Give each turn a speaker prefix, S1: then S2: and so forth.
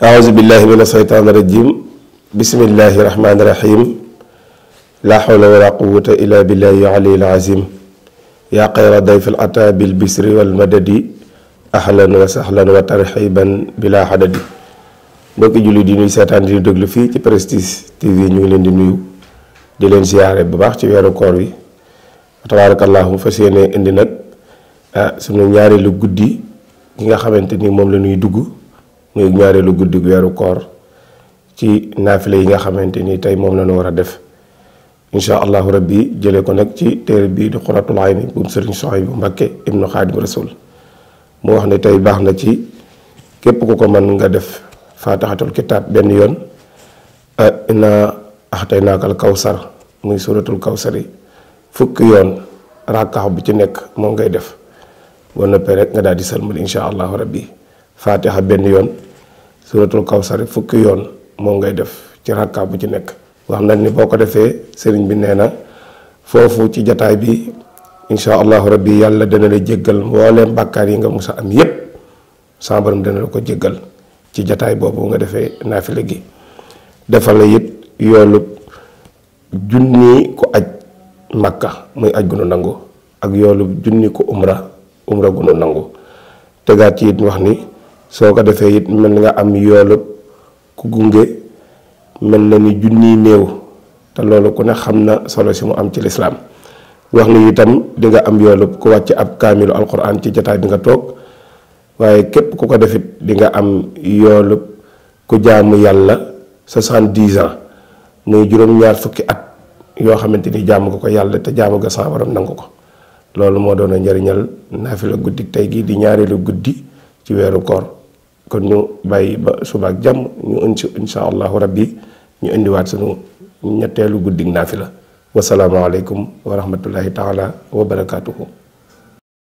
S1: أعوذ بالله من الشيطان الرجيم بسم الله الرحمن الرحيم لا حول ولا قوة إلا بالله العلي العظيم يا خير ضيف الأتى بالبسر والمدد أهلا وسهلا وترحيبا بلا حدد دونك جولي دي نوي سيتان دي دوغلو في تي بريستيس تي في نيو لين دي نيو دي لين زياره بو باخ تي ويرو كور وي تبارك الله فاسيني اندي نك آه، سونو نياري لو غودي كيغا خامتيني موم لا نوي دوغو muy ñaareelu guddi weeru koor ci naafile yi nga xamante ni tey moom la ñu war a def insha allah rabbi jëlee ko nag ci téere bi di xuratul ayni bu sëriñ soxay bu mbàkke ibnu xaadim rasul mu wax ne tey baax na ci képp ku ko mën nga def fatahatul kitab benn yoon ah, inna kawsar muy suratul kawsari fukki yoon rakkax bu ci nekk moom ngay def boo noppee nga daal di insha allah rabbi fatiha ben yon suratul kawsar fukki yon mo ngay def ci rakka bu ci nek wax nañ ni boko defé serigne bi neena fofu ci jotaay bi insha allah rabbi yalla dana la jéggal wolé bakkar yi nga musa am yépp sa borom dana la ko jéggal ci jotaay bobu nga defé naafile gi defal la yoolub junni ko aj makka muy aj gunu nangu ak yoolub junni ko umra umra gunu nangu tegaat ci wax ni soo ko defee it mën nga am yoolub ku gunge mel na ni junniy néew te loolu ku ne xam na solo si mu am ci lislaam wax ni itam di nga am yoolub ku wàcc ab kaamilu alquran ci jataay bi nga toog waaye képp ku ko defit di nga am yoolub ku jaamu yàlla soixante-dix ans muy juróom-ñaar fukki at yoo xamante ni jàmm ko ko yàlla te jaamu ko sa borom nangu ko loolu moo doon a njëriñal naafila guddi tey gii di ñaareelu guddi ci weeru koor kon ñu bàyyi ba suba ak jàmm ñu indi insha allahu rabbi ñu indiwaat sunu ñetteelu guddig naafila la wa rahmatullahi taala wa barakaatuhu